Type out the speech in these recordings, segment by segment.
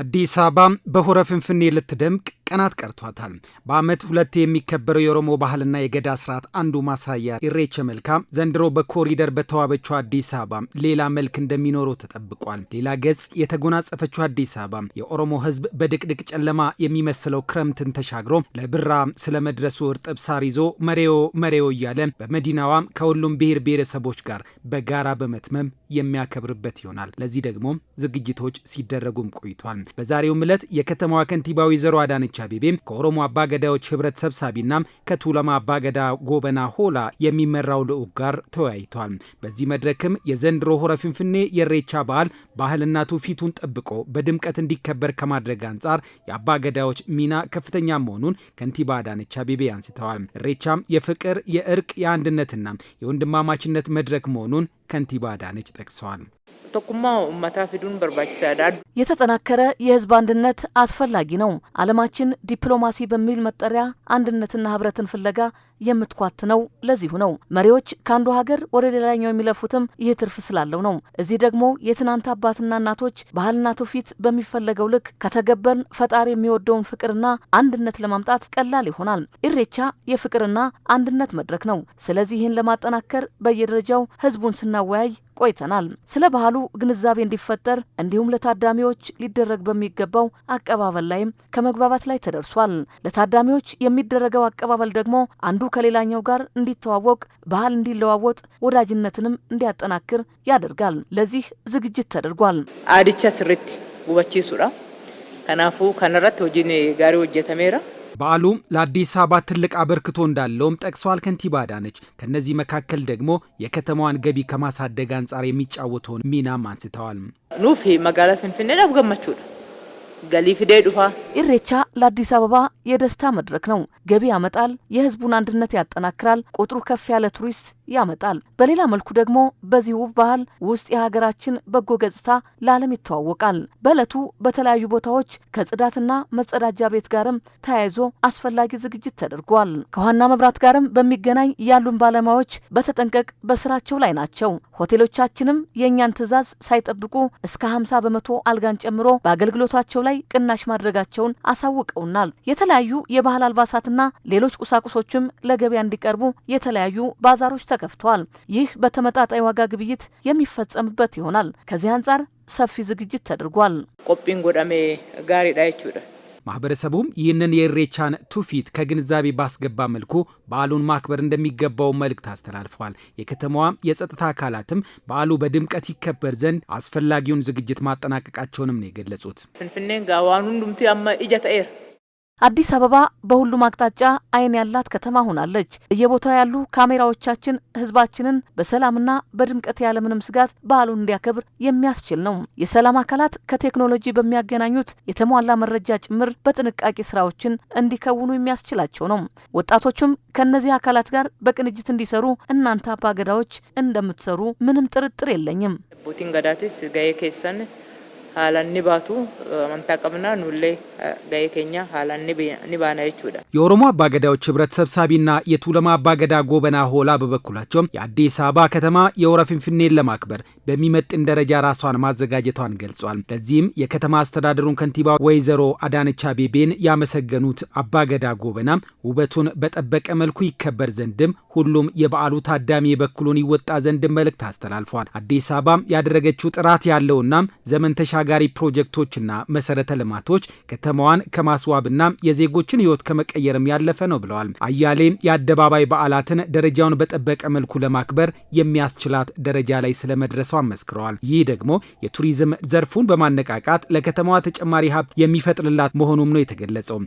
አዲስ አበባ በሆረ ፍንፍኔ ልትደምቅ ቀናት ቀርቷታል። በዓመት ሁለት የሚከበረው የኦሮሞ ባህልና የገዳ ስርዓት አንዱ ማሳያ ኢሬቸ መልካም ዘንድሮ በኮሪደር በተዋበችው አዲስ አበባ ሌላ መልክ እንደሚኖረው ተጠብቋል። ሌላ ገጽ የተጎናጸፈችው አዲስ አበባ የኦሮሞ ህዝብ በድቅድቅ ጨለማ የሚመስለው ክረምትን ተሻግሮ ለብራ ስለመድረሱ እርጥብ ሳር ይዞ መሬዮ መሬዮ እያለ በመዲናዋ ከሁሉም ብሔር ብሔረሰቦች ጋር በጋራ በመትመም የሚያከብርበት ይሆናል። ለዚህ ደግሞ ዝግጅቶች ሲደረጉም ቆይቷል። በዛሬውም ዕለት የከተማዋ ከንቲባ ወይዘሮ አዳነች ሀቢቤም ከኦሮሞ አባገዳዎች ህብረት ሰብሳቢና ከቱለማ አባገዳ ጎበና ሆላ የሚመራው ልዑክ ጋር ተወያይቷል። በዚህ መድረክም የዘንድሮ ሆረ ፊንፊኔ የሬቻ በዓል ባህልና ትውፊቱን ጠብቆ በድምቀት እንዲከበር ከማድረግ አንጻር የአባገዳዎች ሚና ከፍተኛ መሆኑን ከንቲባ አዳነች አቤቤ አንስተዋል። ሬቻም የፍቅር፣ የእርቅ፣ የአንድነትና የወንድማማችነት መድረክ መሆኑን ከንቲባ አዳነች ጠቅሰዋል። ኡመታ ፊዱን በርባችሳዳ የተጠናከረ የህዝብ አንድነት አስፈላጊ ነው። አለማችን ዲፕሎማሲ በሚል መጠሪያ አንድነትና ህብረትን ፍለጋ የምትኳት ነው። ለዚሁ ነው መሪዎች ከአንዱ ሀገር ወደ ሌላኛው የሚለፉትም ይህ ትርፍ ስላለው ነው። እዚህ ደግሞ የትናንት አባትና እናቶች ባህልና ትውፊት በሚፈለገው ልክ ከተገበርን ፈጣሪ የሚወደውን ፍቅርና አንድነት ለማምጣት ቀላል ይሆናል። ኢሬቻ የፍቅርና አንድነት መድረክ ነው። ስለዚህ ይህን ለማጠናከር በየደረጃው ህዝቡን ስና ስናወያይ ቆይተናል። ስለ ባህሉ ግንዛቤ እንዲፈጠር እንዲሁም ለታዳሚዎች ሊደረግ በሚገባው አቀባበል ላይም ከመግባባት ላይ ተደርሷል። ለታዳሚዎች የሚደረገው አቀባበል ደግሞ አንዱ ከሌላኛው ጋር እንዲተዋወቅ፣ ባህል እንዲለዋወጥ፣ ወዳጅነትንም እንዲያጠናክር ያደርጋል። ለዚህ ዝግጅት ተደርጓል። አዲቻ ስርት ጉባቺ ሱራ ከናፉ ከነረት ሆጂን ጋሪ ሆጀተሜራ በዓሉ ለአዲስ አበባ ትልቅ አበርክቶ እንዳለውም ጠቅሰዋል ከንቲባ አዳነች። ከእነዚህ መካከል ደግሞ የከተማዋን ገቢ ከማሳደግ አንጻር የሚጫወተውን ሚናም አንስተዋል። ኑፊ መጋላ ፍንፍኔ ገመቹ ገሊ ዱፋ ኢሬቻ ለአዲስ አበባ የደስታ መድረክ ነው። ገቢ ያመጣል፣ የህዝቡን አንድነት ያጠናክራል፣ ቁጥሩ ከፍ ያለ ቱሪስት ያመጣል። በሌላ መልኩ ደግሞ በዚህ ውብ ባህል ውስጥ የሀገራችን በጎ ገጽታ ለዓለም ይተዋወቃል። በዕለቱ በተለያዩ ቦታዎች ከጽዳትና መጸዳጃ ቤት ጋርም ተያይዞ አስፈላጊ ዝግጅት ተደርጓል። ከዋና መብራት ጋርም በሚገናኝ ያሉን ባለሙያዎች በተጠንቀቅ በስራቸው ላይ ናቸው። ሆቴሎቻችንም የእኛን ትዕዛዝ ሳይጠብቁ እስከ 50 በመቶ አልጋን ጨምሮ በአገልግሎታቸው ላይ ቅናሽ ማድረጋቸውን አሳውቀ አሳውቀውናል። የተለያዩ የባህል አልባሳትና ሌሎች ቁሳቁሶችም ለገበያ እንዲቀርቡ የተለያዩ ባዛሮች ተከፍተዋል። ይህ በተመጣጣኝ ዋጋ ግብይት የሚፈጸምበት ይሆናል። ከዚህ አንጻር ሰፊ ዝግጅት ተደርጓል። ቆጲን ጎዳሜ ጋሪ ዳይቹ ማህበረሰቡም ይህንን የእሬቻን ትውፊት ከግንዛቤ ባስገባ መልኩ በዓሉን ማክበር እንደሚገባው መልእክት አስተላልፈዋል። የከተማዋ የጸጥታ አካላትም በዓሉ በድምቀት ይከበር ዘንድ አስፈላጊውን ዝግጅት ማጠናቀቃቸውንም ነው የገለጹት። ፍንፍኔ ጋዋኑ ዱምቲ አማ አዲስ አበባ በሁሉም አቅጣጫ አይን ያላት ከተማ ሆናለች። እየቦታው ያሉ ካሜራዎቻችን ህዝባችንን በሰላምና በድምቀት ያለምንም ስጋት በዓሉን እንዲያከብር የሚያስችል ነው። የሰላም አካላት ከቴክኖሎጂ በሚያገናኙት የተሟላ መረጃ ጭምር በጥንቃቄ ስራዎችን እንዲከውኑ የሚያስችላቸው ነው። ወጣቶቹም ከእነዚህ አካላት ጋር በቅንጅት እንዲሰሩ እናንተ አባገዳዎች እንደምትሰሩ ምንም ጥርጥር የለኝም። haalaan ባቱ መንታቀምና ኑሌ qabna nullee ga'ee keenya የኦሮሞ አባገዳዎች ህብረት ሰብሳቢና የቱለማ አባገዳ ጎበና ሆላ በበኩላቸው የአዲስ አበባ ከተማ የወረ ፊንፊኔን ለማክበር በሚመጥን ደረጃ ራሷን ማዘጋጀቷን ገልጿል። ለዚህም የከተማ አስተዳደሩን ከንቲባ ወይዘሮ አዳነች አቤቤን ያመሰገኑት አባገዳ ጎበና ውበቱን በጠበቀ መልኩ ይከበር ዘንድም ሁሉም የበዓሉ ታዳሚ የበኩሉን ይወጣ ዘንድ መልእክት አስተላልፏል። አዲስ አበባ ያደረገችው ጥራት ያለውና ዘመን ተሻ ተሻጋሪ ፕሮጀክቶችና መሰረተ ልማቶች ከተማዋን ከማስዋብና የዜጎችን ህይወት ከመቀየርም ያለፈ ነው ብለዋል። አያሌ የአደባባይ በዓላትን ደረጃውን በጠበቀ መልኩ ለማክበር የሚያስችላት ደረጃ ላይ ስለመድረሰው አመስክረዋል። ይህ ደግሞ የቱሪዝም ዘርፉን በማነቃቃት ለከተማዋ ተጨማሪ ሀብት የሚፈጥርላት መሆኑም ነው የተገለጸው።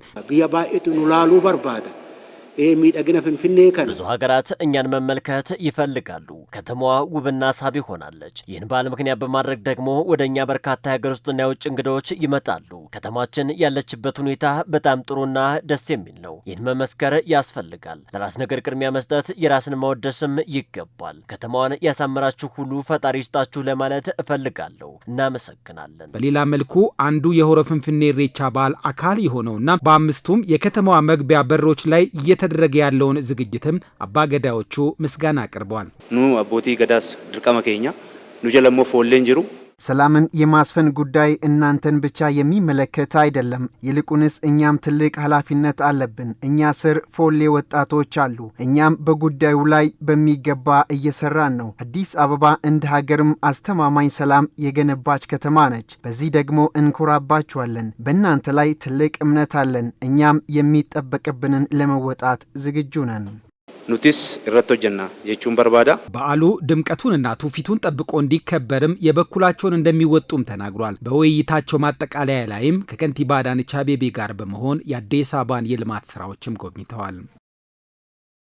ይህ የሚጠግነ ፍንፍኔ ከ ብዙ ሀገራት እኛን መመልከት ይፈልጋሉ። ከተማዋ ውብና ሳቢ ሆናለች። ይህን በዓል ምክንያት በማድረግ ደግሞ ወደ እኛ በርካታ የሀገር ውስጥና የውጭ እንግዶች ይመጣሉ። ከተማችን ያለችበት ሁኔታ በጣም ጥሩና ደስ የሚል ነው። ይህን መመስከር ያስፈልጋል። ለራስ ነገር ቅድሚያ መስጠት፣ የራስን ማወደስም ይገባል። ከተማዋን ያሳመራችሁ ሁሉ ፈጣሪ ይስጣችሁ ለማለት እፈልጋለሁ። እናመሰግናለን። በሌላ መልኩ አንዱ የሆረ ፍንፍኔ ኢሬቻ በዓል አካል የሆነውና በአምስቱም የከተማዋ መግቢያ በሮች ላይ እየተ እየተደረገ ያለውን ዝግጅትም አባ ገዳዎቹ ምስጋና አቅርበዋል። ኑ አቦቲ ገዳስ ድርቀ መኬኛ ኑ ጀለሞ ፎሌን ጅሩ ሰላምን የማስፈን ጉዳይ እናንተን ብቻ የሚመለከት አይደለም። ይልቁንስ እኛም ትልቅ ኃላፊነት አለብን። እኛ ስር ፎሌ ወጣቶች አሉ። እኛም በጉዳዩ ላይ በሚገባ እየሰራን ነው። አዲስ አበባ እንደ ሀገርም አስተማማኝ ሰላም የገነባች ከተማ ነች። በዚህ ደግሞ እንኮራባችኋለን። በእናንተ ላይ ትልቅ እምነት አለን። እኛም የሚጠበቅብንን ለመወጣት ዝግጁ ነን። ኑቲስ irratti hojjenna jechuun barbaada። በዓሉ ድምቀቱንና ትውፊቱን ጠብቆ እንዲከበርም የበኩላቸውን እንደሚወጡም ተናግሯል። በውይይታቸው ማጠቃለያ ላይም ከከንቲባ አዳነች አቤቤ ጋር በመሆን የአዲስ አበባን የልማት ስራዎችም ጎብኝተዋል።